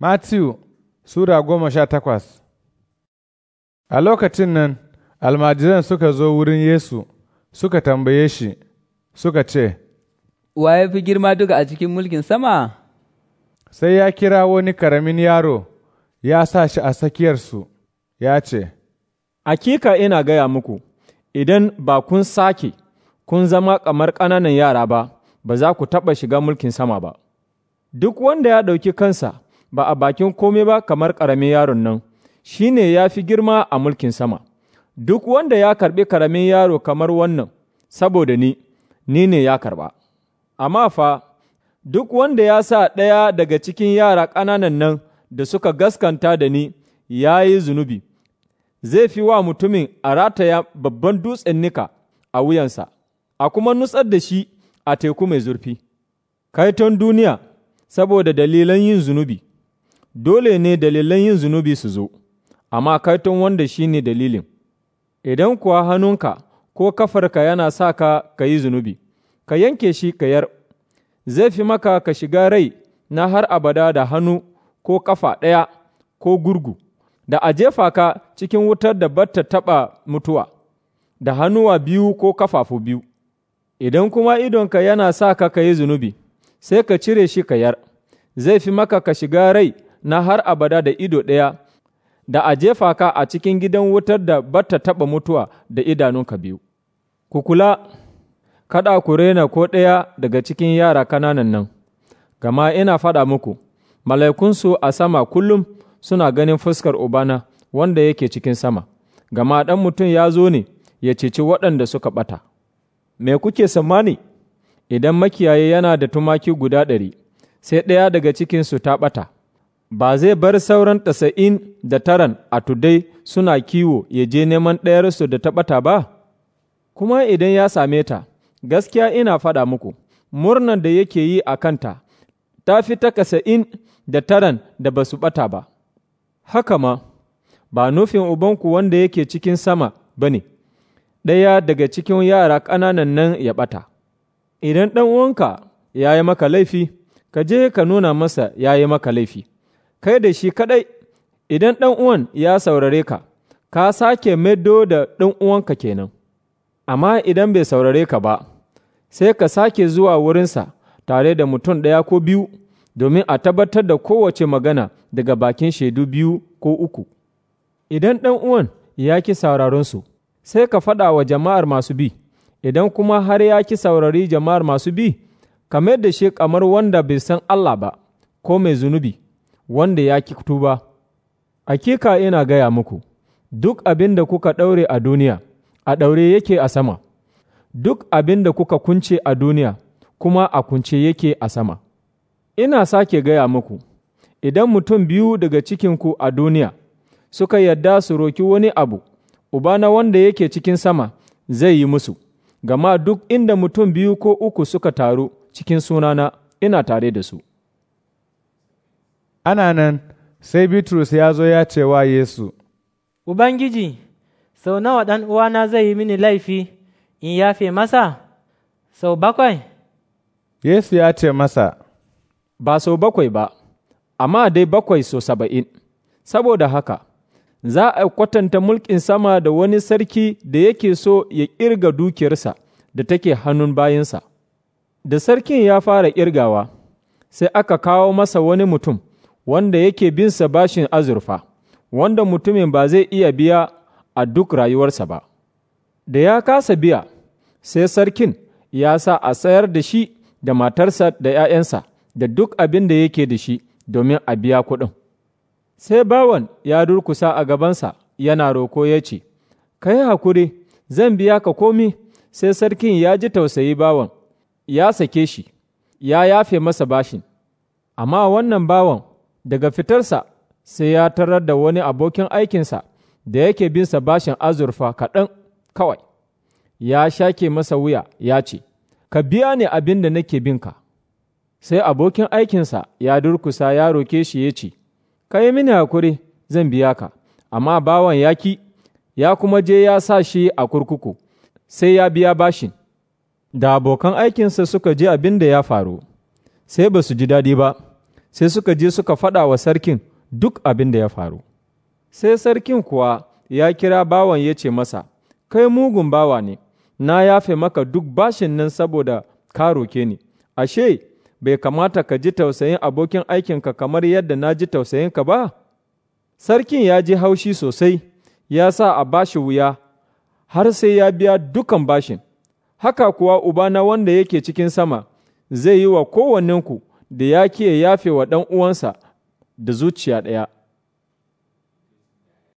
matthew Sura goma sha takwas A lokacin nan, almajiran suka zo wurin Yesu suka tambaye shi, suka ce, Wa ya fi girma duka a cikin mulkin sama? Sai ya kira wani karamin yaro, ya sa shi a tsakiyarsu, ya ce, Akika ina gaya muku, idan ba kun sake, kun zama kamar ƙananan yara ba, ba za ku taɓa shiga mulkin sama ba. Duk wanda ya ɗauki kansa, ba a bakin kome ba kamar ƙaramin yaron nan, shi ne ya fi girma a mulkin sama. Duk wanda ya karɓi ƙaramin yaro kamar wannan, saboda ni, ni ne ya karɓa. Amma fa, duk wanda ya sa ɗaya daga cikin yara ƙananan nan da suka gaskanta da ni, ya yi zunubi, zai fi wa mutumin a rataya babban dutsen nika a wuyansa, a kuma nutsar da shi a teku mai zurfi. Kaiton duniya, saboda dalilan yin zunubi. dole ne dalilan yin zunubi su zo, amma kaiton wanda shi ne dalilin. Idan kuwa hannunka ko kafarka yana sa ka ka yi zunubi, ka yanke shi ka yar, zai fi maka ka shiga rai na har abada da hannu ko kafa ɗaya ko gurgu, da a jefa ka cikin wutar da batta taɓa mutuwa, da hannuwa biyu ko kafafu biyu. Idan kuma idonka yana sa ka ka yi zunubi, sai ka cire shi ka yar, zai fi maka ka shiga rai na har abada da ido ɗaya, da a jefa ka a cikin gidan wutar da bata taɓa mutuwa da idanunka biyu. Ku kula, kada ku rena ko ɗaya daga cikin yara kananan nan, gama ina faɗa muku, mala'ikunsu a sama kullum suna ganin fuskar Ubana wanda yake cikin sama, gama ɗan mutum ya zo ne ya ceci waɗanda suka ɓata. Me kuke tsammani? Idan makiyayi yana da tumaki guda ɗari, sai ɗaya daga cikinsu ta ɓata, ba zai bar sauran tasa'in da taran a tudai suna kiwo ya je neman ɗayarsu da ta ɓata ba? Kuma idan ya same ta, gaskiya ina faɗa muku, murnan da yake yi a kanta ta fi ta kasa'in da taran da ba su ɓata ba. Haka ma, ba nufin ubanku wanda yake cikin sama ba ne, ɗaya daga cikin yara ƙananan nan ya ɓata. Idan ɗan uwanka ya yi maka laifi, ka je ka nuna masa ya yi maka laifi. kai da shi kaɗai, idan ɗan uwan ya saurare ka, ka sake maido da ɗan uwanka kenan. Amma idan bai saurare ka ba, sai ka sake zuwa wurinsa tare da mutum ɗaya ko biyu, domin a tabbatar da kowace magana daga bakin shaidu biyu ko uku. Idan ɗan uwan ya ki sauraronsu, sai ka faɗa wa jama'ar masu bi, idan kuma har ya ki saurari jama'ar masu bi, kamar da shi kamar wanda bai san Allah ba, ko mai zunubi. wanda ya ki tuba akika ina gaya muku duk abin da kuka ɗaure a duniya a ɗaure yake a sama duk abin da kuka kunce a duniya kuma a kunce yake a sama ina sake gaya muku idan mutum biyu daga cikinku a duniya suka yadda su roki wani abu ubana wanda yake cikin sama zai yi musu gama duk inda mutum biyu ko uku suka taru cikin sunana ina tare da su. Ana nan sai Bitrus ya zo ya ce wa Yesu, Ubangiji, sau nawa ɗan uwana zai yi mini laifi in yafe masa? Sau bakwai? Yesu ya ce masa, Ba sau bakwai ba, amma dai bakwai sau saba'in. Saboda haka, za a kwatanta mulkin sama da wani sarki da yake so ya ƙirga dukiyarsa da take hannun bayansa. Da sarkin ya fara ƙirgawa, sai aka kawo masa wani mutum. wanda yake binsa bashin azurfa, wanda mutumin ba zai iya biya a duk rayuwarsa ba. Da ya kasa biya, sai sarkin ya sa a sayar da shi da matarsa da ’ya'yansa da duk abin da yake da shi domin a biya kuɗin. Sai bawan ya durkusa a gabansa yana roko ya ce, Ka yi hakuri, zan biya ka komi, sai sarkin ya ji tausayi bawan, ya sake shi, ya yafe masa bashin. Amma wannan bawan daga fitarsa sai ya tarar da wani abokin aikinsa da yake binsa bashin azurfa kaɗan kawai, ya shake masa wuya ya ce, Ka biya ne abin da nake binka, sai abokin aikinsa ya durkusa ya roke shi ya ce, Ka yi mini hakuri zan biya ka, amma bawan ya ya kuma je ya sa shi a kurkuku, sai ya biya bashin. Da abokan aikinsa suka je abin da ya faru, sai ba su ji daɗi ba. sai suka je suka faɗa wa sarkin duk abin da ya faru. Sai sarkin kuwa ya kira bawan ya ce masa, Kai mugun bawa ne, na yafe maka duk bashin nan saboda ka roke ni, ashe, bai kamata ka ji tausayin abokin aikinka kamar yadda na ji tausayin ka ba? Sarkin ya ji haushi sosai, ya sa a bashi wuya, har sai ya biya dukan bashin. Haka kuwa Ubana wanda yake cikin sama, zai yi wa kowanninku da ya ke yafe wa ɗan uwansa da zuciya ɗaya